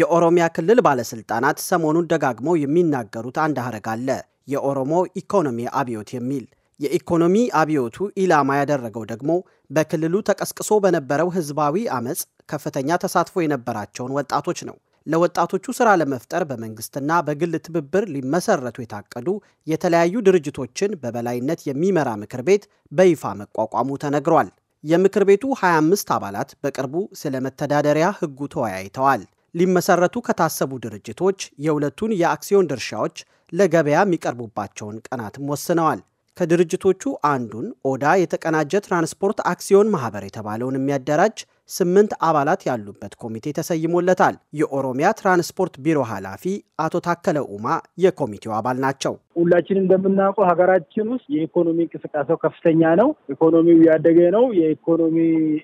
የኦሮሚያ ክልል ባለስልጣናት ሰሞኑን ደጋግመው የሚናገሩት አንድ ሀረግ አለ። የኦሮሞ ኢኮኖሚ አብዮት የሚል የኢኮኖሚ አብዮቱ ኢላማ ያደረገው ደግሞ በክልሉ ተቀስቅሶ በነበረው ህዝባዊ አመፅ ከፍተኛ ተሳትፎ የነበራቸውን ወጣቶች ነው። ለወጣቶቹ ስራ ለመፍጠር በመንግስትና በግል ትብብር ሊመሰረቱ የታቀዱ የተለያዩ ድርጅቶችን በበላይነት የሚመራ ምክር ቤት በይፋ መቋቋሙ ተነግሯል። የምክር ቤቱ 25 አባላት በቅርቡ ስለ መተዳደሪያ ህጉ ተወያይተዋል። ሊመሰረቱ ከታሰቡ ድርጅቶች የሁለቱን የአክሲዮን ድርሻዎች ለገበያ የሚቀርቡባቸውን ቀናትም ወስነዋል። ከድርጅቶቹ አንዱን ኦዳ የተቀናጀ ትራንስፖርት አክሲዮን ማህበር የተባለውን የሚያደራጅ ስምንት አባላት ያሉበት ኮሚቴ ተሰይሞለታል። የኦሮሚያ ትራንስፖርት ቢሮ ኃላፊ አቶ ታከለ ኡማ የኮሚቴው አባል ናቸው። ሁላችን እንደምናውቀው ሀገራችን ውስጥ የኢኮኖሚ እንቅስቃሴው ከፍተኛ ነው። ኢኮኖሚው ያደገ ነው። የኢኮኖሚ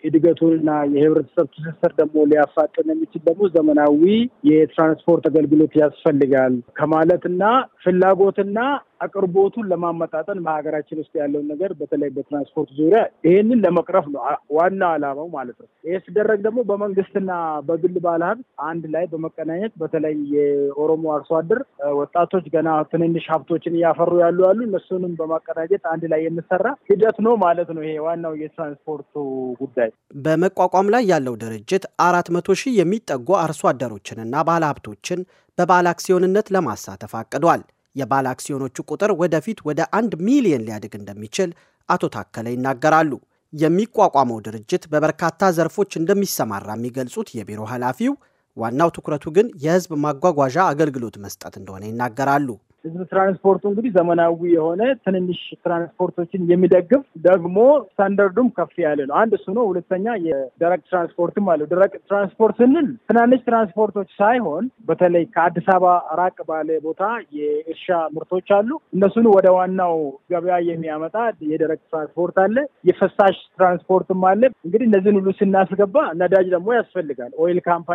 እድገቱንና የህብረተሰብ ትስስር ደግሞ ሊያፋጥን የሚችል ደግሞ ዘመናዊ የትራንስፖርት አገልግሎት ያስፈልጋል ከማለትና ፍላጎትና አቅርቦቱን ለማመጣጠን በሀገራችን ውስጥ ያለውን ነገር በተለይ በትራንስፖርት ዙሪያ ይህንን ለመቅረፍ ነው ዋና ዓላማው ማለት ነው። ይህ ሲደረግ ደግሞ በመንግስትና በግል ባለሀብት አንድ ላይ በመቀናኘት በተለይ የኦሮሞ አርሶ አደር ወጣቶች ገና ትንንሽ ሀብቶችን እያፈሩ ያሉ ያሉ እነሱንም በማቀናጀት አንድ ላይ የሚሰራ ሂደት ነው ማለት ነው። ይሄ ዋናው የትራንስፖርቱ ጉዳይ በመቋቋም ላይ ያለው ድርጅት አራት መቶ ሺህ የሚጠጉ አርሶ አደሮችንና ባለ ሀብቶችን በባለ አክሲዮንነት ለማሳተፍ አቅዷል። የባለ አክሲዮኖቹ ቁጥር ወደፊት ወደ አንድ ሚሊየን ሊያድግ እንደሚችል አቶ ታከለ ይናገራሉ። የሚቋቋመው ድርጅት በበርካታ ዘርፎች እንደሚሰማራ የሚገልጹት የቢሮ ኃላፊው ዋናው ትኩረቱ ግን የህዝብ ማጓጓዣ አገልግሎት መስጠት እንደሆነ ይናገራሉ። ህዝብ ትራንስፖርቱ እንግዲህ ዘመናዊ የሆነ ትንንሽ ትራንስፖርቶችን የሚደግፍ ደግሞ ስታንዳርዱም ከፍ ያለ ነው። አንድ እሱ ነው። ሁለተኛ የደረቅ ትራንስፖርትም አለው። ደረቅ ትራንስፖርት ስንል ትናንሽ ትራንስፖርቶች ሳይሆን በተለይ ከአዲስ አበባ ራቅ ባለ ቦታ የእርሻ ምርቶች አሉ። እነሱን ወደ ዋናው ገበያ የሚያመጣ የደረቅ ትራንስፖርት አለ፣ የፈሳሽ ትራንስፖርትም አለ። እንግዲህ እነዚህን ሁሉ ስናስገባ ነዳጅ ደግሞ ያስፈልጋል። ኦይል ካምፓኒ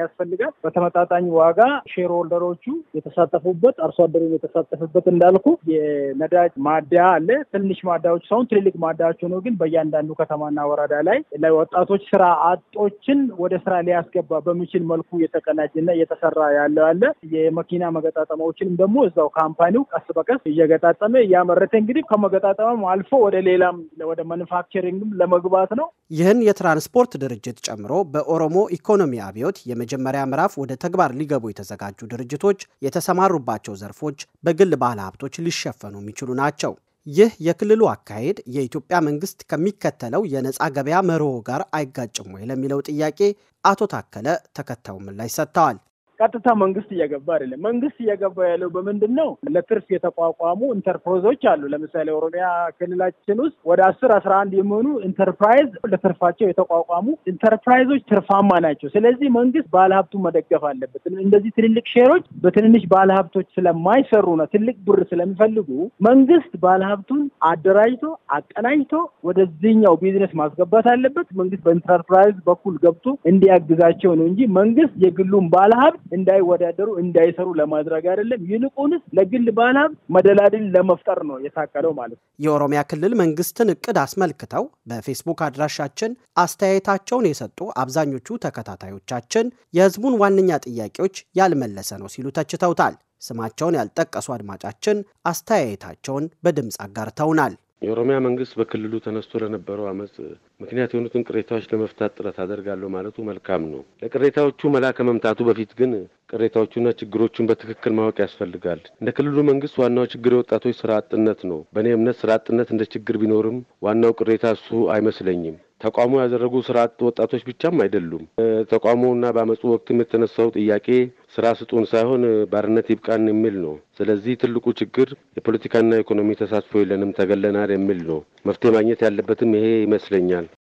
ያስፈልጋል። በተመጣጣኝ ዋጋ ሼር ሆልደሮቹ የተሳተፉበት አርሶ አደሩ የተሳተፈበት እንዳልኩ የነዳጅ ማደያ አለ። ትንሽ ማደያዎች ሳይሆን ትልልቅ ማደያዎች ሆኖ ግን በእያንዳንዱ ከተማና ወረዳ ላይ ለወጣቶች ስራ አጦችን ወደ ስራ ሊያስገባ በሚችል መልኩ የተቀናጀና እየተሰራ ያለ አለ። የመኪና መገጣጠማዎችንም ደግሞ እዛው ካምፓኒው ቀስ በቀስ እየገጣጠመ እያመረተ እንግዲህ ከመገጣጠመም አልፎ ወደ ሌላም ወደ ማኑፋክቸሪንግም ለመግባት ነው። ይህን የትራንስፖርት ድርጅት ጨምሮ በኦሮሞ ኢኮኖሚ አብዮት የመጀመሪያ ምዕራፍ ወደ ተግባር ሊገቡ የተዘጋጁ ድርጅቶች የተሰማሩባቸው ዘርፎች ወጪዎች በግል ባለሀብቶች ሊሸፈኑ የሚችሉ ናቸው። ይህ የክልሉ አካሄድ የኢትዮጵያ መንግስት ከሚከተለው የነፃ ገበያ መርሆ ጋር አይጋጭም ወይ ለሚለው ጥያቄ አቶ ታከለ ተከታዩ ምላሽ ሰጥተዋል። ቀጥታ መንግስት እየገባ አይደለም። መንግስት እየገባ ያለው በምንድን ነው? ለትርፍ የተቋቋሙ ኢንተርፕራይዞች አሉ። ለምሳሌ ኦሮሚያ ክልላችን ውስጥ ወደ አስር አስራ አንድ የሚሆኑ ኢንተርፕራይዝ ለትርፋቸው የተቋቋሙ ኢንተርፕራይዞች ትርፋማ ናቸው። ስለዚህ መንግስት ባለሀብቱ መደገፍ አለበት። እንደዚህ ትልልቅ ሼሮች በትንንሽ ባለሀብቶች ስለማይሰሩ ነው፣ ትልቅ ብር ስለሚፈልጉ መንግስት ባለሀብቱን አደራጅቶ አቀናጅቶ ወደዚህኛው ቢዝነስ ማስገባት አለበት። መንግስት በኢንተርፕራይዝ በኩል ገብቶ እንዲያግዛቸው ነው እንጂ መንግስት የግሉን ባለሀብት እንዳይወዳደሩ እንዳይሰሩ ለማድረግ አይደለም፣ ይልቁንስ ለግል ባለሀብት መደላድል ለመፍጠር ነው የታቀደው ማለት ነው። የኦሮሚያ ክልል መንግስትን እቅድ አስመልክተው በፌስቡክ አድራሻችን አስተያየታቸውን የሰጡ አብዛኞቹ ተከታታዮቻችን የህዝቡን ዋነኛ ጥያቄዎች ያልመለሰ ነው ሲሉ ተችተውታል። ስማቸውን ያልጠቀሱ አድማጫችን አስተያየታቸውን በድምፅ አጋርተውናል። የኦሮሚያ መንግስት በክልሉ ተነስቶ ለነበረው አመፅ ምክንያት የሆኑትን ቅሬታዎች ለመፍታት ጥረት አደርጋለሁ ማለቱ መልካም ነው። ለቅሬታዎቹ መላ ከመምታቱ በፊት ግን ቅሬታዎቹና ችግሮቹን በትክክል ማወቅ ያስፈልጋል። እንደ ክልሉ መንግስት ዋናው ችግር የወጣቶች ስራ አጥነት ነው። በእኔ እምነት ስራ አጥነት እንደ ችግር ቢኖርም ዋናው ቅሬታ እሱ አይመስለኝም። ተቋሙ ያደረጉ ስርዓት ወጣቶች ብቻም አይደሉም። ተቋሙና በአመፁ ወቅትም የተነሳው ጥያቄ ስራ ስጡን ሳይሆን ባርነት ይብቃን የሚል ነው። ስለዚህ ትልቁ ችግር የፖለቲካና ኢኮኖሚ ተሳትፎ የለንም ተገለናል የሚል ነው። መፍትሄ ማግኘት ያለበትም ይሄ ይመስለኛል።